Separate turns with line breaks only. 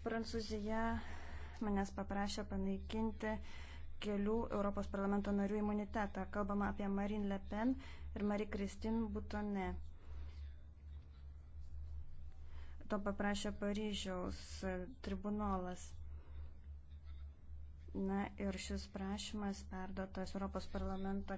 Prancūzija manęs paprašė panaikinti kelių Europos parlamento narių imunitetą. Kalbama apie Marine Le Pen ir Marie-Christine Butone. To paprašė Paryžiaus tribunolas. Na ir šis prašymas perduotas Europos parlamento